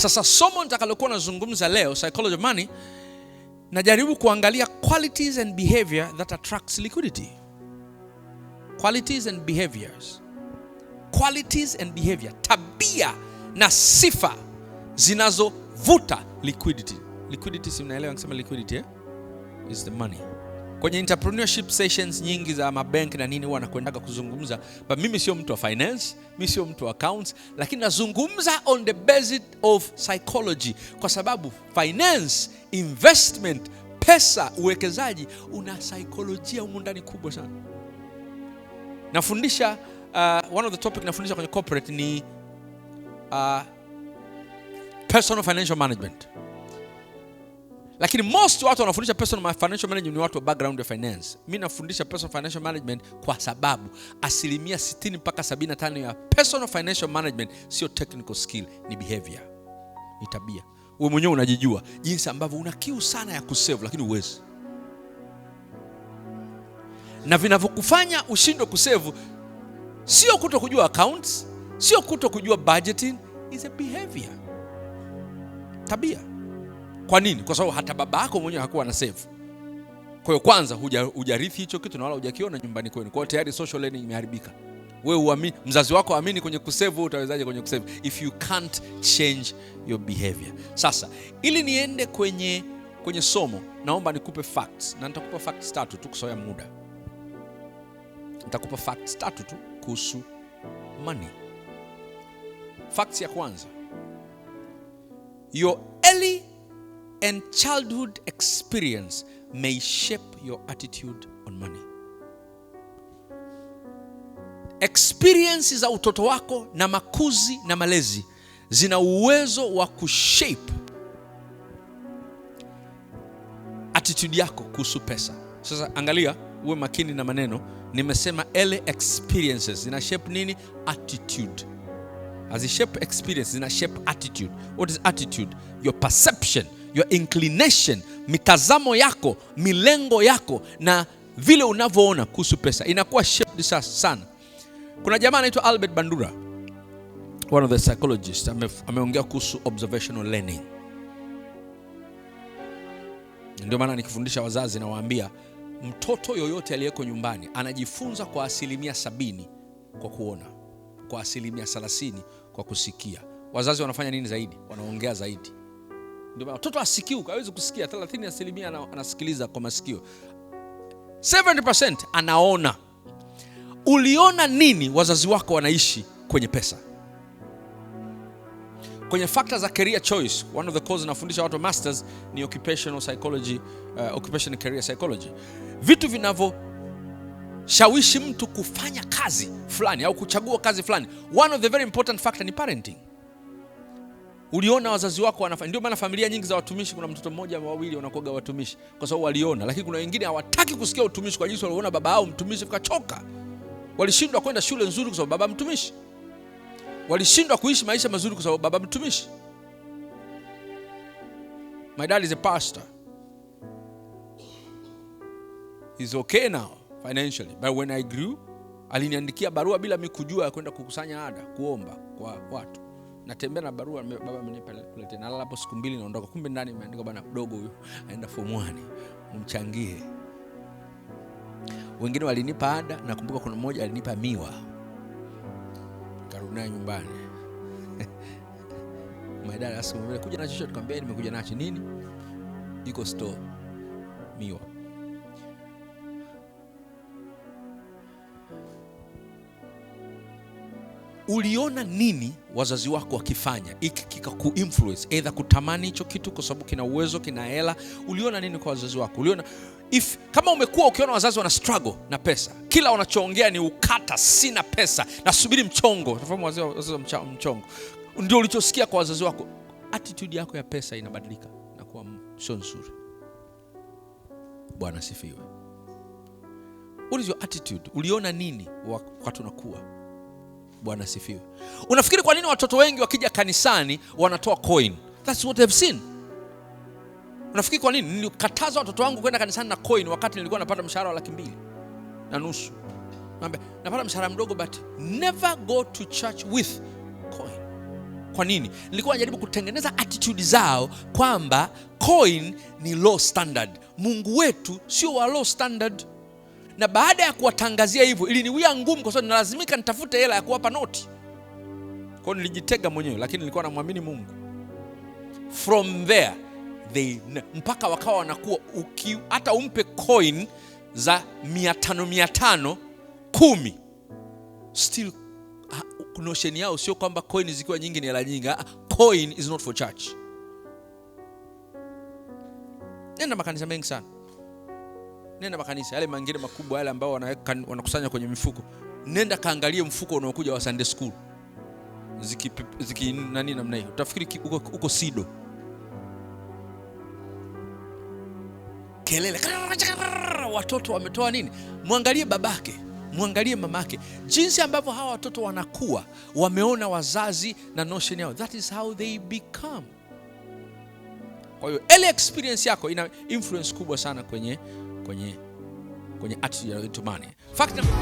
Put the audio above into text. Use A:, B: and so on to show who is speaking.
A: Sasa somo nitakalokuwa nazungumza leo, psychology of money, najaribu kuangalia qualities and behavior that attracts liquidity. Qualities and behaviors. Qualities and behavior, tabia na sifa zinazovuta liquidity. Liquidity, si mnaelewa nikisema liquidity eh? Is the money Kwenye entrepreneurship sessions nyingi za mabank na nini, huwa nakwendaga kuzungumza, but mimi sio mtu wa finance, mimi sio mtu wa accounts, lakini nazungumza on the basis of psychology, kwa sababu finance, investment, pesa, uwekezaji una saikolojia humu ndani kubwa sana. Nafundisha uh, one of the topic nafundisha kwenye corporate ni uh, personal financial management lakini most watu wanafundisha personal financial management ni watu wa background ya finance. Mi nafundisha personal financial management kwa sababu asilimia 60 mpaka 75 ya personal financial management sio technical skill, ni behavior, ni tabia. Wewe mwenyewe unajijua jinsi ambavyo una kiu sana ya kusave lakini uwezi, na vinavyokufanya ushindwe kusave sio kuto kujua accounts, sio kuto kujua budgeting, is a behavior, tabia kwa nini? Kwa sababu hata baba yako mwenyewe hakuwa na save. Kwa hiyo kwanza hujarithi hicho kitu na wala hujakiona nyumbani kwenu. Kwa hiyo tayari social learning imeharibika. Wewe uamini, mzazi wako amini kwenye kusevu, utawezaje kwenye kusevu if you can't change your behavior? Sasa ili niende kwenye kwenye somo, naomba nikupe facts na nitakupa facts tatu tu kusoya muda, nitakupa facts tatu tu kuhusu money. Facts ya kwanza, your early and childhood experience may shape your attitude on money. Experience za utoto wako na makuzi na malezi zina uwezo wa kushape attitude yako kuhusu pesa. Sasa angalia, uwe makini na maneno. Nimesema ele experiences zina shape nini? Attitude. As shape experience zina shape attitude. What is attitude? Your perception your inclination, mitazamo yako, milengo yako na vile unavyoona kuhusu pesa inakuwa shaped sana. Kuna jamaa anaitwa Albert Bandura, one of the psychologists, ameongea kuhusu observational learning. Ndio maana nikifundisha wazazi nawaambia mtoto yoyote aliyeko nyumbani anajifunza kwa asilimia sabini kwa kuona, kwa asilimia thelathini kwa kusikia. Wazazi wanafanya nini zaidi? Wanaongea zaidi. Ndio maana watoto asikiuka, hawezi kusikia. 30% anasikiliza kwa masikio, 70% anaona. Uliona nini wazazi wako wanaishi kwenye pesa? Kwenye factor za career choice, one of the course nafundisha watu masters ni occupational psychology, uh, occupational career psychology, vitu vinavyoshawishi mtu kufanya kazi fulani au kuchagua kazi fulani. One of the very important factor ni parenting. Uliona wazazi wako wanafanya. Ndio maana familia nyingi za watumishi, kuna mtoto mmoja au wawili wanakuwa watumishi kwa sababu waliona, lakini kuna wengine hawataki kusikia utumishi kwa jinsi waliona baba yao mtumishi, wakachoka. Walishindwa kwenda shule nzuri kwa sababu baba mtumishi, walishindwa kuishi maisha mazuri kwa sababu baba mtumishi. My dad is a pastor. He's okay now financially. But when I grew, aliniandikia barua bila mikujua ya kwenda kukusanya ada, kuomba kwa watu natembea na barua baba amenipa kuletea, nalala hapo siku mbili, naondoka. Kumbe ndani imeandikwa bana, mdogo huyu aenda form mchangie umchangie. Wengine walinipa ada. Nakumbuka kuna mmoja alinipa miwa, karudi naye nyumbani maidara asikuja na chochote, nikamwambia nimekuja nacho nini, iko store miwa uliona nini wazazi wako wakifanya iki kikakuinfluence, aidha kutamani hicho kitu kwa sababu kina uwezo, kina hela. Uliona nini kwa wazazi wako? Uliona if kama umekuwa ukiona wazazi wana struggle na pesa, kila wanachoongea ni ukata, sina pesa, nasubiri mchongo, tafahamu wazazi wa mchongo, ndio ulichosikia kwa wazazi wako. Attitude yako ya pesa inabadilika na kuwa sio nzuri. Bwana sifiwe. What is your attitude? Uliona nini wakati unakuwa Bwana sifiwe. Unafikiri kwa nini watoto wengi wakija kanisani wanatoa coin? That's what I've seen. Unafikiri kwa nini nilikataza watoto wangu kwenda kanisani na coin wakati nilikuwa napata mshahara wa laki mbili na nusu? Napata mshahara mdogo but never go to church with coin. Kwa nini? Nilikuwa najaribu kutengeneza attitude zao kwamba coin ni low standard. Mungu wetu sio wa low standard na baada ya kuwatangazia hivyo iliniwia ngumu, kwa sababu nalazimika nitafute hela ya kuwapa noti. kwao nilijitega mwenyewe, lakini nilikuwa namwamini Mungu. From there they, mpaka wakawa wanakuwa hata umpe coin za mia tano mia tano kumi still nosheni yao sio kwamba coin zikiwa nyingi ni hela nyingi. Ah, coin is not for church. Nenda makanisa mengi sana nenda makanisa yale mangine makubwa yale ambao wanakusanya kwenye mifuko, nenda kaangalie mfuko unaokuja wa Sunday school ziki, ziki nani namna hiyo, utafikiri uko, uko Sido. Kelele watoto wametoa nini? Mwangalie babake mwangalie mamake, jinsi ambavyo hawa watoto wanakuwa wameona wazazi na notion yao, that is how they become. Kwa hiyo ele experience yako ina influence kubwa sana kwenye kwenye kwenye attitude ya money. Fact number